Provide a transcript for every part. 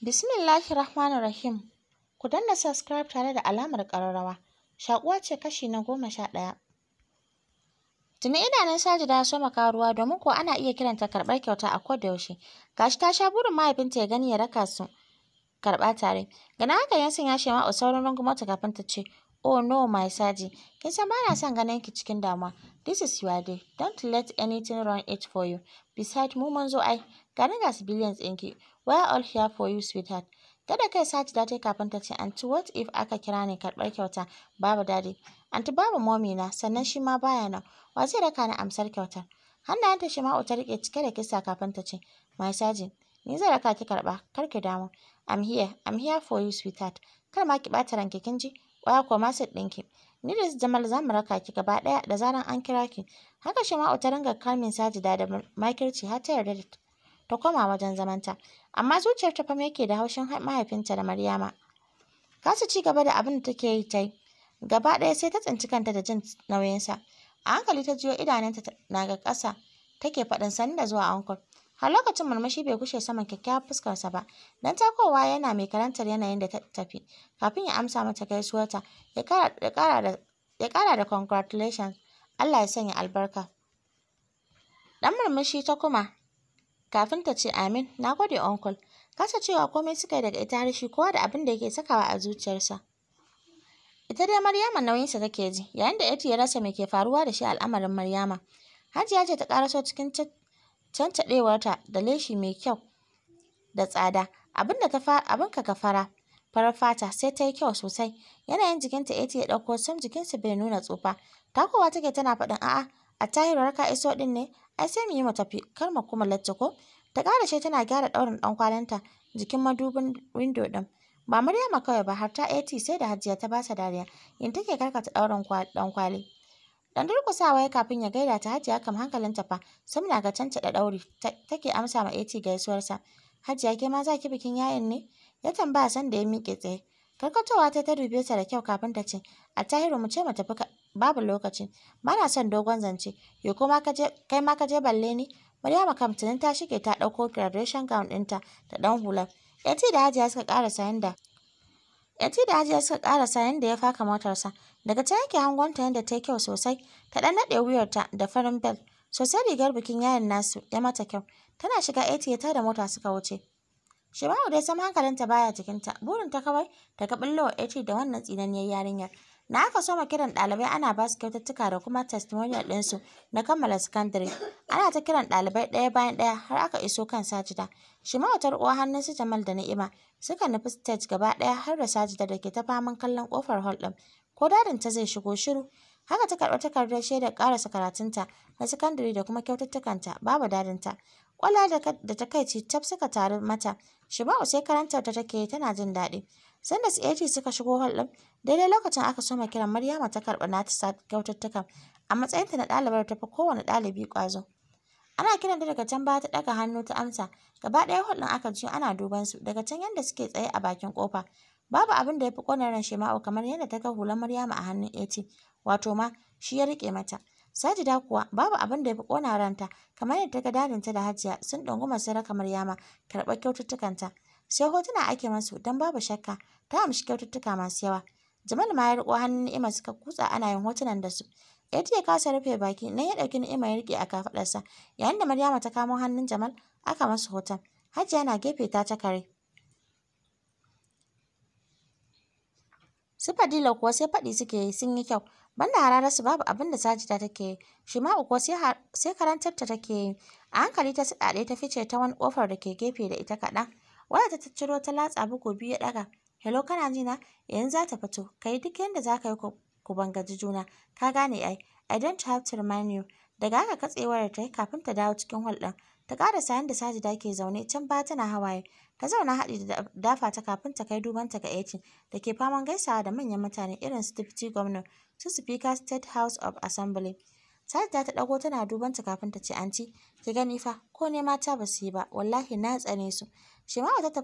Bismillahir Rahmanir Rahim. Ku danna subscribe tare da alamar ƙararrawa. Shaƙuwa ce kashi na goma sha ɗaya. Tuni idanun Saji ya soma karuwa domin ko ana iya kiranta karɓar kyauta a koda yaushe. Gashi ta sha burin mahaifinta ya gani ya raka su karɓa tare. Gana haka Yansin ya shema a sauran mota kafin ta ce, Oh no, my Saji, kin san ba son ganin ki cikin damuwa. This is your day. Don't let anything run it for you. Beside, mu mun zo ai, ga su billions ɗinki. Waya all here for you, sweetheart. Tada kai da ta kafin ta ce, Aunty, what if aka kira ni karɓar kyauta? Babu dadi. Aunty, babu momi na, sannan shi ma baya nan. Wa zai raka ni amsar kyautar? Hannayenta Shima'u ta riƙe cike da kisa kafin ta ce, My Sajin, ni zai raka ki karɓa, kar ki damu. I'm here, I'm here for you, sweetheart. Kar ma ki ɓata ranki kin ji, waya ko sai ɗinki. Ni da Jamal za mu raka ki gaba ɗaya da zaran an kira ki. Haka Shima'u ta ringa kalmin Sajida da makirci har ta yarda da ta koma wajen zamanta. Amma zuciyar ta fama yake da haushin mahaifinta da Maryama. su ci gaba da abin da take yi ta yi. Gaba ɗaya sai ta tsinci kanta da jin nauyinsa. A hankali ta jiyo idanunta na ga ƙasa take faɗin sanin da zuwa ankur. Har lokacin murmushi bai gushe saman kyakkyawar fuskarsa ba, don takowa yana mai karantar yanayin da ta tafi. Kafin ya amsa mata gaisuwarta, ya kara da congratulations, Allah ya sanya albarka. dan murmushi ta kuma kafin ta ce amin na gode uncle kasa cewa komai suka yi daga ita har kowa da abin da yake sakawa a zuciyarsa ita dai maryama nauyinsa take ji yayin da eti ya rasa me ke faruwa da shi al'amarin maryama hajiya ce ta karaso cikin cancaɗewarta da leshi mai kyau da tsada abin da ta abin ka fara farar fata sai ta yi kyau sosai yanayin jikinta eti ya ɗauko sam jikinsa bai nuna tsufa takowa take tana faɗin a'a a tahiru ka iso ɗin ne ai sai mu yi mu tafi kar mu kuma latti ko ta shi tana gyara ɗaurin ɗan kwalenta jikin madubin windo ɗin ba Maryama kawai ba har ta AT sai da Hajiya ta basa dariya in take karkata ɗaurin ɗan kwali dan durƙusawa ya kafin ya gaida ta Hajiya kam hankalinta fa sam na ga da ɗauri take amsa ma AT gaisuwarsa Hajiya ke ma za bikin yayin ne ya tambaya sanda ya miƙe tsaye karkatowa ta ta dube ta da kyau kafin ta ce a tahiru mu ce mu tafi babu lokaci ba na son dogon zance ya kuma kai ma ka je balle ni maryama kam ta shige ta ɗauko graduation gown ɗinta da ɗan hular yati da hajiya suka ƙara sayan da Yati da Hajiya suka yadda ya faka motarsa. Daga can yake hangonta yadda ta yi kyau sosai, ta ɗan naɗe wuyar ta da farin bel. Sosai rigar bikin yayin nasu ya mata kyau. Tana shiga ATM ta da mota suka wuce. Shiba'u dai sam hankalinta baya jikinta, burinta kawai ta ga ya ce da wannan tsinaniyar yarinyar. Na aka soma kiran ɗalibai ana ba su kyaututtuka da kuma testimonial su na kammala sakandare. Ana ta kiran ɗalibai ɗaya bayan ɗaya har aka iso kan sajida. Shima'u ta uwa hannun su Jamal da ni'ima suka nufi stage gaba ɗaya har da sajida da ke ta faman kallon ƙofar hall din Ko dadin ta zai shigo shiru. Haka ta karɓi takardar shaidar ƙarasa karatunta na sakandare da kuma kyaututtukanta babu dadinta. Ƙwala da takaici tab suka taru mata Shiba'u sai karantar ta take tana jin daɗi. Sanda su AT suka shigo hall ɗin, daidai lokacin aka soma kiran Maryama ta karɓi nata sa kyaututtuka. a matsayinta na ɗalibar ta fi kowane ɗalibi ƙwazo. Ana kiran ta daga can baya ta ɗaga hannu ta amsa, gaba ɗaya hall ɗin aka ji ana duban su daga can yadda suke tsaye a bakin ƙofa. Babu abin da ya fi ƙona ran shima'u kamar yadda ta ga hular Maryama a hannun AT, wato ma shi ya riƙe mata. Sajida kuwa babu abin da ya fi ƙona ranta kamar yadda ta ga dadinta da Hajiya sun ɗunguma sai kamar yama karɓar kyaututtukanta. Sai hotuna ake masu don babu shakka ta amshi kyaututtuka masu yawa. Jamal ma ya riƙo hannun Ni'ima suka kutsa ana yin hotunan da su. Ya ya kasa rufe baki nan ya ɗauki Ni'ima ya riƙe a kafaɗarsa yayin da Maryama ta kamo hannun Jamal aka masu hoton. Hajiya na gefe ta ta kare. Su Fadila kuwa sai faɗi suke yi sun yi kyau. banda harararsu babu abin da sajida take yi shima'u uku sai karantar ta take yi a hankali ta siɗaɗe ta fice ta wani ƙofar da ke gefe da ita kaɗan waya ta ciro ta latsa bugu biyu ya ɗaga hello kana ji na yanzu za ta fito kai duk yadda za ka yi ku bangaji juna ka gane ai i don't have to remind you daga haka katsewar ta kafin ta dawo cikin hol ɗin ta ƙara sayan da sajida ke zaune can ba tana hawaye ta zauna haɗi da dafa ta kafin ta kai duban ta ga Eti da ke faman gaisawa da manyan mutane irin su Deputy Governor su Speaker State House of Assembly. sai ta dago tana duban ta kafin ta ce anti ki gani fa ko ne mata ba su yi ba wallahi na tsane su. Shema ta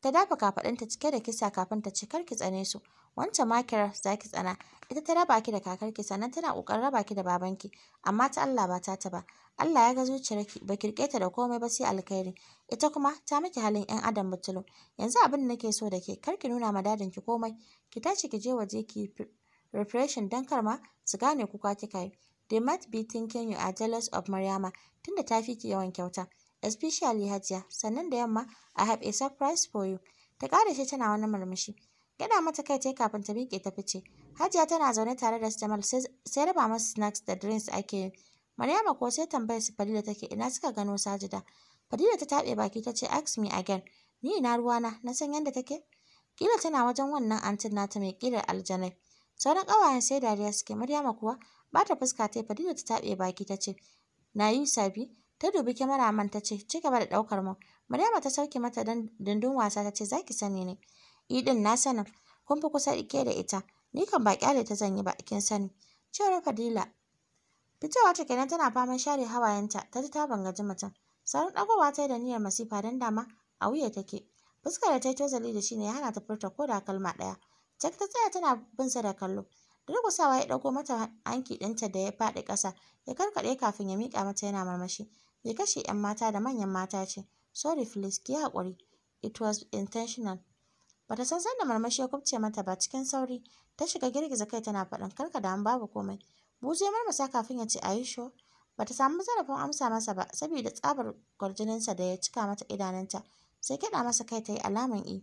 ta dafa ta cike da kisa kafin ta ce kar ki tsane su wancan makirar za ki tsana ita ta raba ki da kakarki sannan tana ƙoƙarin raba ki da babanki amma ta Allah ba ta ta ba Allah ya ga zuciyarki ba ki rike ta da komai ba sai alkhairi ita kuma ta miki halin yan adam butulu yanzu abin da nake so da ke kar ki nuna ma dadin ki komai ki tashi ki je waje ki refreshing dan kar ma su gane kuka kika yi they might be thinking you are jealous of Maryama tunda ta fi ki yawan kyauta especially Hajiya sannan da yamma I have a surprise for you ta ƙara shi tana wani murmushi Gada mata kai tai kafin ta miƙe ta fice. Hajiya tana zaune tare da Jamal sai raba masu snacks da drinks ake yi. Maryama ko sai tambayar su Fadila take ina suka gano Sajida. Fadila ta taɓe baki ta ce ask me again. Ni ina ruwana na san yadda take. Kila tana wajen wannan antin nata mai ƙirar aljanai. Sauran ƙawayen sai dariya suke Maryama kuwa ba ta fuska ta Fadila ta taɓe baki ta ce na yi sabi ta dubi man ta ce ci gaba da ɗaukar mu. Maryama ta sauke mata dandun wasa ta ce za ki sani ne. Idin na sanin, kun fi kusa ke da ita, ni kan ba kyale ta zan yi ba, kin sani. Cewar Fadila. Fitowa ta kenan tana faman share hawayenta, ta ta ta bangaji mutum. Sauran dagowa ta yi da niyyar masifa don dama a wuya take. Fuskar da ta yi tozali da shi ne ya hana ta furta ko da kalma ɗaya. Jack ta tsaya tana bin sa da kallo. Durƙusawa ya ɗauko mata hanki ɗinta da ya faɗi ƙasa, ya karkaɗe kafin ya miƙa mata yana marmashi. Ya kashe ‘yan mata da manyan mata ce. Sorry please, ki haƙuri. It was intentional. bata san sanda marmashi ya kubce mata ba cikin sauri ta shiga girgiza kai tana faɗin karka da an babu komai buzu ya marmasa kafin ya ce ayi sho bata samu zarafin amsa masa ba saboda tsabar gwarjininsa da ya cika mata idanunta sai kiɗa masa kai ta yi alaman i e.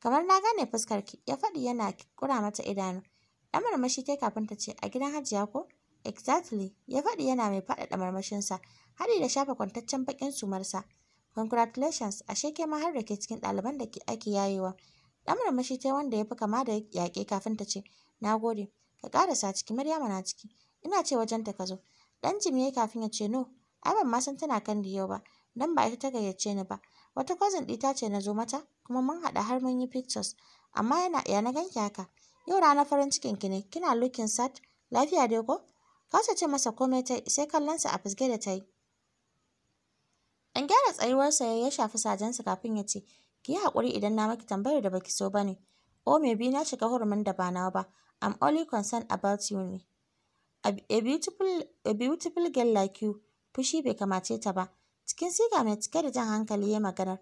kamar na gane fuskar ki ya faɗi yana kura mata idanu ɗan marmashi ta kafin ta ce a gidan hajiya ko exactly ya faɗi yana mai faɗaɗa marmashinsa haɗi da shafa kwantaccen baƙin sumarsa congratulations ashe ke ma har da ke cikin ɗaliban da ake yayewa Ɗan murmushi ta wanda ya fi kama da yaƙe kafin ta ce, Na gode, ka ƙarasa ciki, Maryama na ciki, ina ce wajen ta ka zo. Ɗan jim ya kafin ya ce, No, ai ban ma san tana kan da yau ba, don ba ita ta gayyace ni ba. Wata cousin ta ce na zo mata, kuma mun haɗa har mun yi pictures, amma yana ya na ganki haka. Yau rana farin cikin ki ne, kina looking sad, lafiya dai ko? Kasa ce masa komai ta sai sa a fisge da ta yi. Ɗan gyara tsayuwarsa ya shafi sajensa kafin ya ce, Ki yi haƙuri idan na maki tambayar da baki so ba ne. Oh maybe na shiga hurumin da ba nawa ba. I'm only concerned about you ne. A beautiful, a beautiful girl like you, fushi bai kamace ta ba. Cikin siga mai cike da jan hankali ya maganar.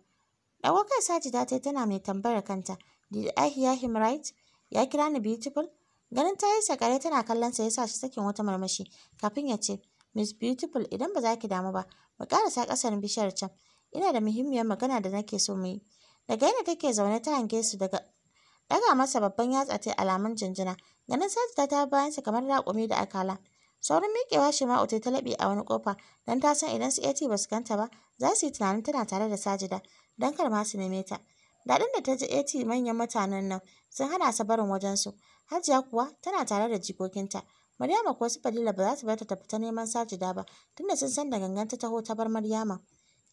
Ɗago kai ta ta tana mai tambayar kanta. Did I hear him right? Ya kira ni beautiful? Ganin ta yi sakare tana kallon sa yasa shi sakin wata marmashi kafin ya ce, Miss Beautiful idan ba za ki damu ba, mu karasa ƙasar bishiyar can. Ina da muhimmiyar magana da nake so mu yi. Daga yadda take zaune ta hange su daga daga masa babban yatsa ta alamun jinjina. Ganin Sajida ta bayansa kamar raƙumi da akala. Saurin miƙewa Shima'u ta laɓe a wani ƙofa don ta san idan su AT ba su ganta ba za su yi tunanin tana tare da Sajida don kar ma su neme ta. Daɗin da ta ji AT manyan mutanen nan sun hana sa barin wajensu. Hajiya kuwa tana tare da jikokinta. Maryama ko su Fadila ba za su bar ta neman Sajida ba tunda sun san da ganganta ta taho ta bar Maryama.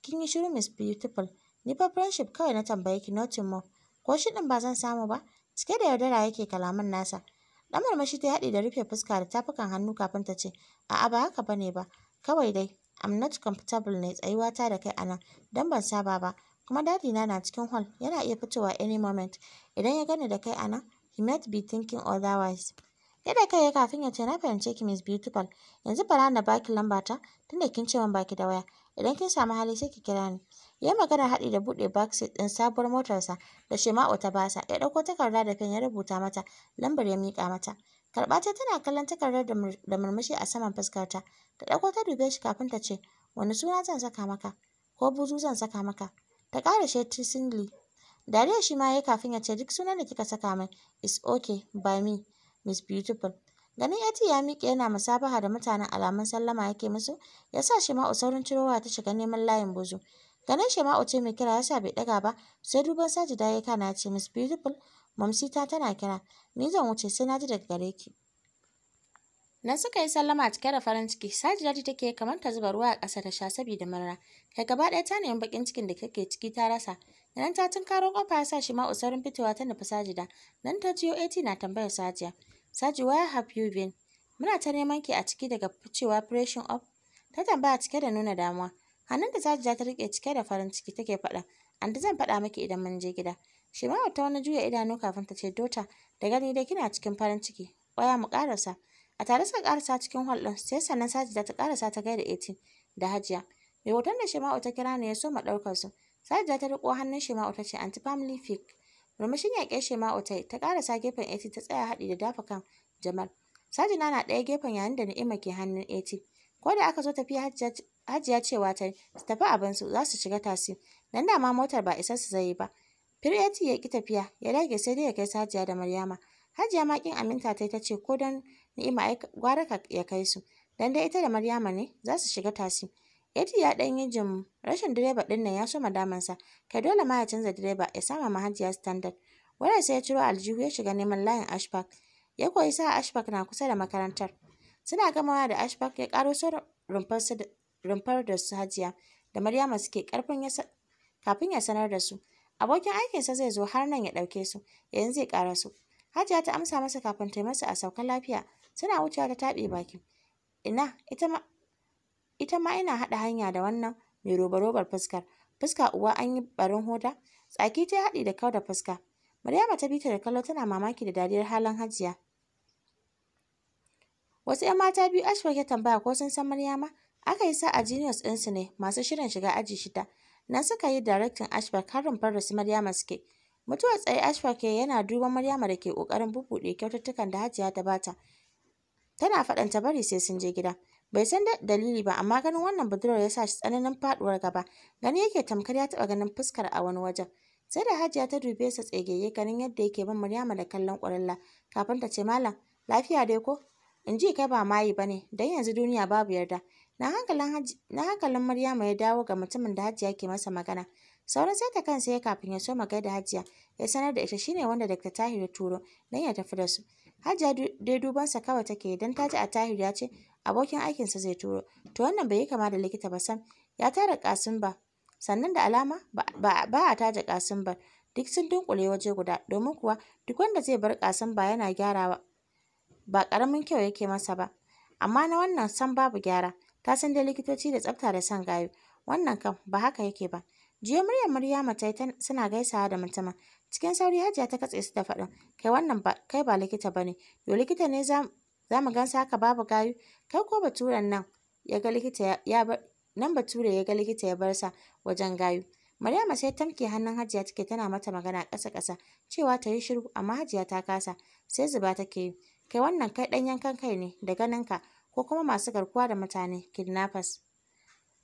Kin yi shiru Miss Beautiful. Ni fa friendship kawai na tambaye ki nothing more. Ko shi ɗin ba zan samu ba? Cike da yaudara yake kalaman nasa. Ɗan marmashi ta haɗi da rufe fuska da tafukan hannu kafin ta ce, A'a ba haka bane ba, kawai dai, I'm not comfortable ne tsayuwata da kai anan, dan ban saba ba, kuma dadina na na cikin hall, yana iya fitowa any moment. Idan ya gani da kai anan, he might be thinking otherwise. da kai kafin ya ce na fahimce ki Miss Beautiful, yanzu fara na baki lambata tunda kin ce min baki da waya. Idan kin samu hali sai ki kira ni. Ya magana haɗi da buɗe backseat ɗin sabuwar motarsa da Shema'u ta basa. Ya ɗauko takarda da fen ya rubuta mata lambar ya miƙa mata. Karɓa ta tana kallon takardar da murmushi a saman fuskarta. Ta ɗauko ta dube shi kafin ta ce, wani suna zan saka maka? Ko buzu zan saka maka? Ta ƙara sheti singli. Dariya shi ma ya kafin ya ce duk sunan da kika saka mai is okay by me Miss Beautiful. Ganin Eti ya miƙe yana musabaha da mutanen alamun sallama yake musu, ya sa shi ma'u saurin cirowa ta shiga neman layin buzu. Ganin Shema'u ce mai kira ya sa bai daga ba, sai duban sajida ya kana ce Miss Beautiful, mamsita tana kira, ni zan wuce sai na ji daga gare ki. Nan suka yi sallama a cike da farin ciki, sajida take kamar ta zuba ruwa a ƙasa ta sha saboda murna. Kai gaba ɗaya ta nemi bakin cikin da kake ciki ta rasa. Nan ta tunkaro ƙofa ya sa shi saurin fitowa ta nufi sajida. Nan ta jiyo AT na tambayar sajiya. Saji ya have you been? Muna ta neman ki a ciki daga ficewa pressing up. Ta tambaya cike da nuna damuwa. Hannun da Jajiya ta riƙe cike da farin ciki take faɗa, "Anti zan faɗa miki idan mun je gida." shima'u ta wani juya idanu kafin ta ce, "Dota, da gani dai kina cikin farin ciki, waya mu ƙarasa." A tare suka ƙarasa cikin hol ɗin, sai sannan Sajida ta ƙarasa ta gaida eti da Hajiya. Mai hoton da Shima'u ta kira ne ya so ma ɗaukar su. Sajida ta riƙo hannun Shima'u ta ce, "Anti family fig." Murmushin yaƙe Shima'u ta yi, ta ƙarasa gefen eti ta tsaya haɗi da dafa kan Jamal. Sajina na ɗaya gefen yayin da Ni'ima ke hannun eti Ko da aka zo tafiya Hajiya Hajiya cewa ta su tafi su. za su shiga tasi. Dan ma motar ba isa su zai ba. Firiyati ya ki tafiya ya dage sai dai ya kai su Hajiya da Maryama. Hajiya ma kin aminta ta ta ce ko dan ni'ima ai gwara ka ya kai su. Dan dai ita da Maryama ne za su shiga tasi. Eti ya dan yi jim rashin direba ɗin nan ya so sa. Kai dole ma ya canza direba ya sama ma Hajiya standard. Wannan sai ya ciro aljihu ya shiga neman layin Ashpak. Ya koyi sa Ashpak na kusa da makarantar. Suna gamawa da Ashpak ya ƙaro rumfar su rumfar da su hajiya da Maryama suke karfin kafin ya sanar da su. Abokin aikinsa zai zo har nan ya ɗauke su, Yanzu zai ƙara su. Hajiya ta amsa masa kafin ta masa a saukan lafiya, suna wucewa ta taɓe baki. Ina, ita ma ita ina haɗa hanya da wannan mai roba-robar fuskar. Fuska uwa an yi barin hoda, tsaki ta haɗi da kau da fuska. Maryama ta bi ta da kallo tana mamaki da dariyar halin Hajiya. Wasu ‘yan mata biyu Ashwa ya tambaya ko sun san Maryama, Aka yi sa'a genius su ne masu shirin shiga aji shida. Na suka yi daraktin Ashfaq har rumfar da su Maryama suke. Mutuwar tsaye ke yana duban Maryama da ke kokarin bubuɗe kyaututtukan da Hajiya ta bata. Tana faɗan ta bari sai sun je gida. Bai san dalili ba amma ganin wannan budurwar ya sa shi tsananin faɗuwar gaba. Gani yake tamkar ya taɓa ganin fuskar a wani wajen. Sai da Hajiya ta dube sa tsegeye ganin yadda yake bin Maryama da kallon ƙwararla kafin ta ce malam lafiya dai ko? In ji ka ba mayi bane don yanzu duniya babu yarda. Na hankalin Maryama ya dawo ga mutumin da Hajiya ke masa magana. Sauran sai ta kansa ya kafin ya so da Hajiya, ya sanar da ita shine wanda Dr. Tahir ya turo don ya tafi da su. Hajiya dai dubansa kawai take idan ta ji a Tahir ya ce abokin aikinsa zai turo. To wannan bai yi kama da likita ba san Ya tara kasin ba. Sannan da alama ba a taje kasin ba. Duk sun dunkule waje guda domin kuwa duk wanda zai bar kasin ba yana gyarawa ba karamin kyau yake masa ba. Amma na wannan san babu gyara. ta san dai likitoci da tsafta da san gayu. Wannan kam ba haka yake ba. Jiyo murya Maryama ta suna gaisawa da mutumin. Cikin sauri Hajiya ta katse su da faɗin, kai wannan ba kai ba likita bane. Yo likita ne za za mu gansa haka babu gayu. Kai ko baturen nan ya ga likita ya ba nan bature ya ga likita ya bar sa wajen gayu. Maryama sai tamke hannun Hajiya take tana mata magana ƙasa-ƙasa cewa ta yi shiru amma Hajiya ta kasa sai zuba take yi. Kai wannan kai ɗan yankan kai ne da ganin ka. ko kuma masu garkuwa da mutane kidnappers.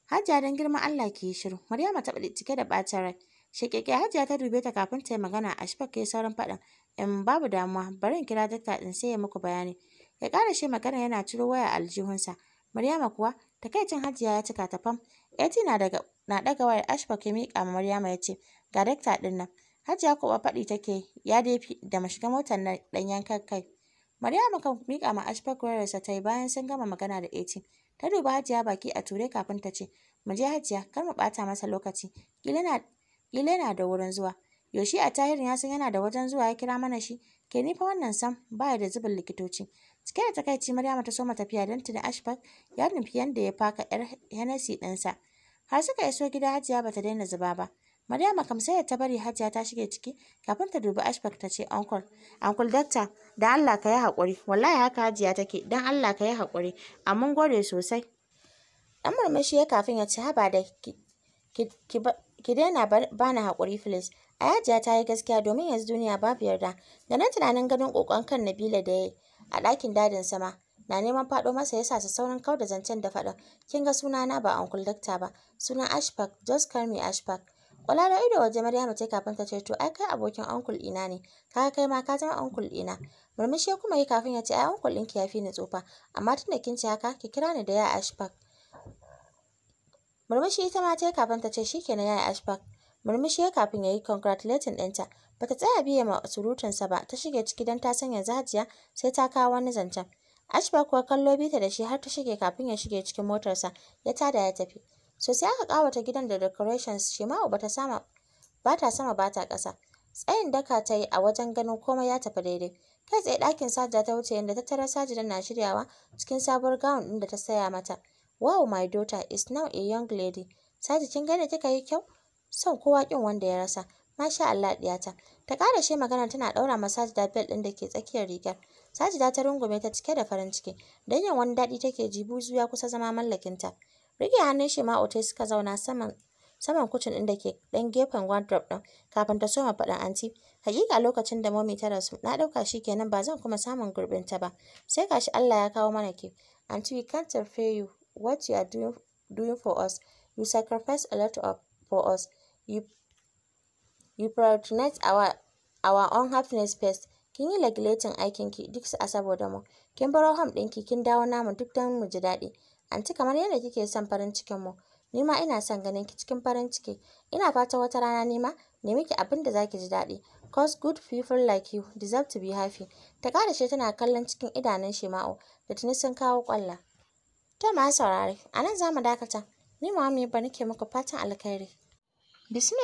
Hajiya don girman Allah ki yi shiru. Maryama ta faɗi cike da ɓacin rai. Shekeke Hajiya ta dube ta kafin ta yi magana a shifak ya sauran faɗin. In babu damuwa bari in kira dakta in sai ya muku bayani. Ya ƙara shi magana yana ciro waya a aljihunsa. Maryama kuwa takaicin Hajiya ya cika ta fam. Eti na daga na daga waya Ashfa ya miƙa ma Maryama ya ce ga dakta ɗin nan. Hajiya ba faɗi take ya dai da mashiga motar nan ɗan yankan kai. Maryama kan miƙa ma Ashfaq wayarsa ta yi bayan sun gama magana da Eti. Ta duba Hajiya baki a ture kafin ta ce, "Mu je Hajiya, kar mu bata masa lokaci. Kila na da wurin zuwa." Yoshi a tahirin ya san yana da wajen zuwa ya kira mana shi, ke nifa wannan sam ba da zubin likitoci. Cike da takaici Maryama ta soma tafiya don tuni Ashfaq ya nufi yadda ya faka 'yar Hennessy ɗinsa. Har suka iso gida Hajiya bata daina zuba ba. Maryama kam sai ta bari Hajiya ta shige ciki kafin ta dubi Ashfaq ta ce uncle uncle dakta dan Allah ka yi haƙuri wallahi haka Hajiya take dan Allah ka yi haƙuri amma gode sosai dan murmushi ya kafin ya ce haba da ki daina bani haƙuri filis a yajiya ta yi gaskiya domin yanzu duniya babu yarda da nan tunanin ganin ƙoƙon kan nabila da ya a ɗakin dadin sama na neman faɗo masa yasa sa sauran kau da zancen da faɗa kin ga sunana ba uncle dakta ba sunan ashpak just call me ashpak da ido waje Maryamu ce kafin ta ce to ai kai abokin uncle ɗina ne, kaga kai ma ka zama uncle ɗina. Murmushi kuma yi kafin ya ce ai uncle ɗinki ya fi ni tsufa, amma tun kin ce haka ki kira ni da yaya Ashfaq. Murmushi ita ma ta kafin ta ce shikenan yaya Ashfaq. Murmushi ya kafin ya yi congratulating ɗinta. bata tsaya biye ma surutunsa ba, ta shige ciki don ta sanya zajiya sai ta kawo wani zancen. Ashba kuwa kallo bita da shi har ta shige kafin ya shige cikin motarsa, ya tada ya tafi. Sosai aka kawata gidan da decorations Shema'u bata sama bata sama bata kasa. Tsayin daka ta yi a wajen ganin komai ya tafi daidai. Kai tsaye ɗakin Sajida ta wuce yadda tattara Sajida na shiryawa cikin sabuwar gown ɗin da ta saya mata. Wow my daughter is now a young lady. Sajida kin gane kika yi kyau? Son kowa kin wanda ya rasa. Masha Allah diyata. Ta ƙara shi magana tana ɗaura ma Sajida bel ɗin da ke tsakiyar rigar. Sajida ta rungume ta cike da farin ciki. Don yin wani daɗi take ji buzu kusa zama mallakinta. Rike hannun shi ma'otai suka zauna saman saman kucin ɗin da ke ɗan gefen wardrobe ɗin kafin ta soma faɗin anti. Hakika lokacin da momi ta rasu na ɗauka shi kenan ba zan kuma samun gurbin ta ba. Sai gashi Allah ya kawo mana ke. Anti we can't repay you what you are doing, doing for us. You sacrifice a lot of, for us. You, you prioritize our, our own happiness first. Kin yi lagiletin aikinki duk a saboda mu. Kin baro ham ɗinki kin dawo namu duk don mu ji daɗi. Anti kamar yadda kike son farin cikin mu, ni ma ina son ganin ki cikin farin ciki. Ina fata wata rana ni ma ne miki abin da zaki ji daɗi. Cause good people like you deserve to be happy. Ta shi tana kallon cikin idanun Shema'u oh, da tuni sun kawo kwalla To ma saurare, a nan za mu dakata. Ni ma me ba nake muku fatan alkhairi. Bismillah.